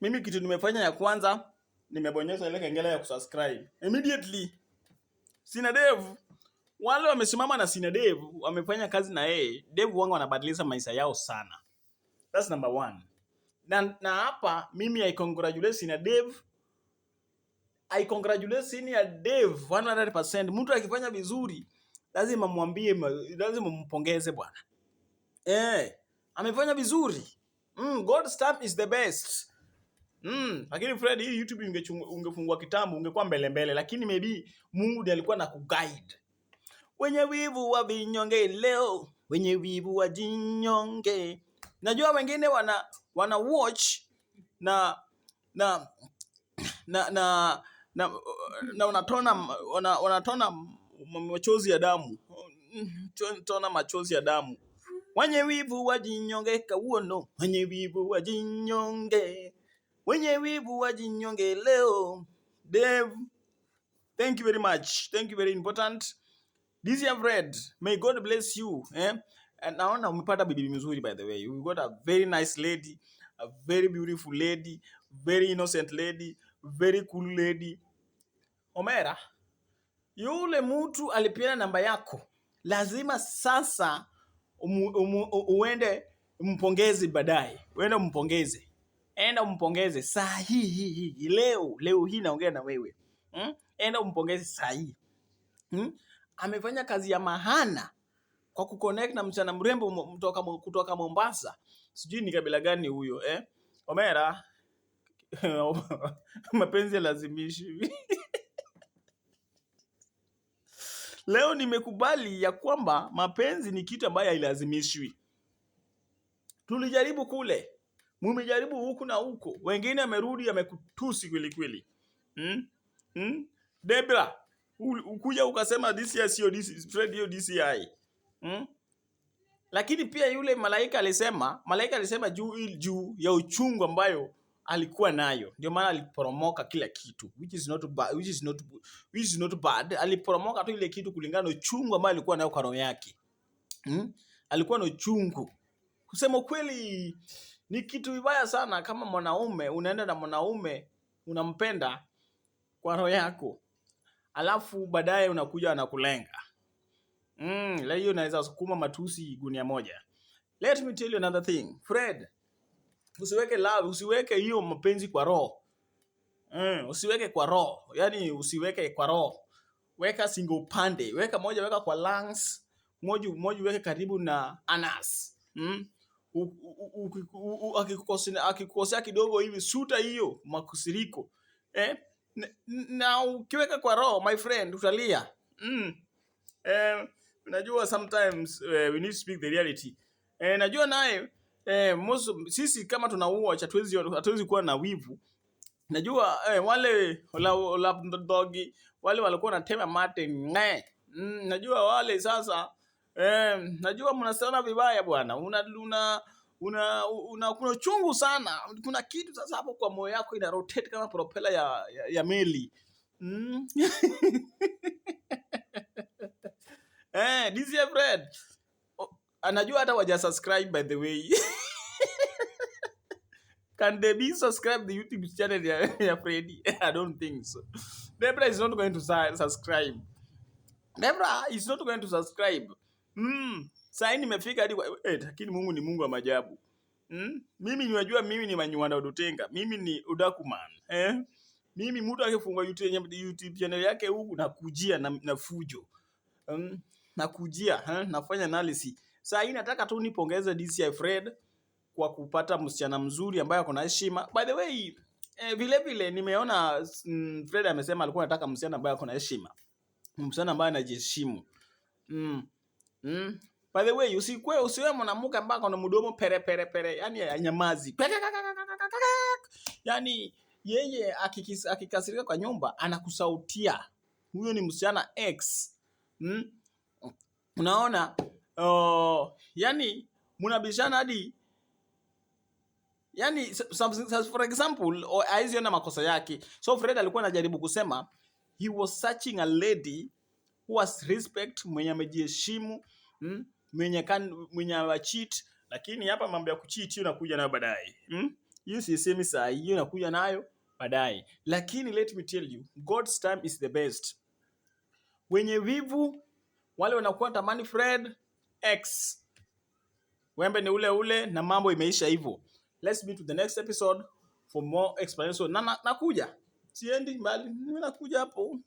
Mimi kitu nimefanya ya kwanza nimebonyeza ile kengele ya kusubscribe. Immediately Sina Devu wale wamesimama na Sina Devu wamefanya kazi na yeye. Devu wangu wanabadilisha maisha yao sana. That's number one. Na na hapa mimi I congratulate Sina Devu. I congratulate Sina Devu 100%. Mtu akifanya vizuri lazima mwambie, lazima mpongeze bwana. Eh, amefanya vizuri. Mm, God time is the best. Mm, lakini Fred hii YouTube unge ungefungua kitambo ungekuwa mbele mbele, lakini maybe Mungu ndiye alikuwa na kuguide. Wenye wivu wa vinyonge leo, wenye wivu wa jinyonge. Najua wengine wana wana watch na na na na na, na wanatona wana, wanatona machozi ya damu. Tona machozi ya damu. Wenye wivu wa jinyonge kauono, wenye wivu wa jinyonge wenye wivu wajinyonge leo. Dave, thank you very much, thank you very important. This I've read. May God bless you eh? And eh, naona umepata bibi mzuri, by the way you got a very nice lady, a very beautiful lady, very innocent lady, very cool lady. Omera, yule mutu alipeana namba yako, lazima sasa umu, umu, uende mpongezi baadaye, uende mpongeze enda umpongeze saa hii hii hii leo leo hii naongea na wewe hmm? Enda umpongeze saa hii hmm? Amefanya kazi ya mahana kwa kuconnect na msichana mrembo mtoka kutoka Mombasa, sijui ni kabila gani huyo eh? Omera mapenzi lazimishi Leo nimekubali ya kwamba mapenzi ni kitu ambayo hailazimishwi. Tulijaribu kule mumejaribu huku na huko, wengine amerudi amekutusi kweli kweli. Mm? Mm? Debra, ukuja ukasema DCI sio DCI, Fred hiyo DCI. Mm? Lakini pia yule malaika alisema, malaika alisema juu juu ya uchungu ambayo alikuwa nayo, ndio maana aliporomoka kila kitu, which is not bad, which is not, which is not bad. Aliporomoka tu ile kitu kulingana na uchungu ambayo alikuwa nayo kwa roho yake. Mm? Alikuwa na uchungu, kusema kweli ni kitu vibaya sana kama mwanaume unaenda na mwanaume unampenda kwa roho yako, alafu baadaye unakuja anakulenga. Mm, leo hiyo naweza sukuma matusi gunia moja. Let me tell you another thing. Fred, usiweke love, usiweke hiyo mapenzi kwa roho. Mm, usiweke kwa roho. Yaani usiweke kwa roho. Weka single pande, weka moja weka kwa lungs, moja moja weke karibu na anus. Mm akikukosea kidogo hivi suta hiyo makusiriko eh? na, ukiweka kwa roho my friend utalia mm. eh, najua sometimes eh, we need to speak the reality eh, najua naye eh, most, sisi kama tunaua hatuwezi kuwa na wivu najua eh, wale lapdogi wale walikuwa wanatema mate mm, najua wale sasa Eh, najua mnasana vibaya bwana. Una una una, una kuna chungu sana. Kuna kitu sasa hapo kwa moyo yako ina rotate kama propeller ya, ya, ya meli mm. Eh, this DJ Fred anajua hata waja subscribe by the way Can they be subscribe the YouTube channel ya, ya Freddy? I don't think so. Debra is not going to subscribe. Debra is not going to subscribe. Mm. Sasa nimefika hadi eh, lakini Mungu ni Mungu wa majabu Mm? Mimi niwajua mimi ni Manyuanda Odutenga. Mimi ni Udakuman. Eh? Mimi mtu akifungua YouTube, YouTube channel yake huku na kujia na, na fujo. Um, mm. kujia eh? Nafanya analysis. Sasa hii nataka tu nipongeze DCI Fred kwa kupata msichana mzuri ambaye ako na heshima. By the way, eh, vile vile nimeona mm, Fred amesema alikuwa anataka msichana ambaye ako na heshima. Msichana ambaye anajiheshimu. Mm. Mm. By the way, usikwe usiwe mwanamke ambaye ana mdomo pere pere pere, yani anyamazi. Yani yeye akikasirika kwa nyumba anakusautia. Huyo ni msichana X. Mm. Unaona? Uh, yani mnabishana hadi yani for example, oh, aiziona makosa yake. So Fred alikuwa anajaribu kusema he was searching a lady who has respect, mwenye amejiheshimu mm? mwenye kan, mwenye cheat. Lakini hapa mambo ya kucheat hiyo nakuja nayo baadaye mm? hiyo si semi saa hiyo nakuja nayo baadaye, lakini let me tell you God's time is the best. Wenye wivu wale wanakuwa tamani Fred X wembe ni ule ule na mambo imeisha hivyo. Let's meet to the next episode for more explanation. Na nakuja siendi mbali, mimi nakuja hapo.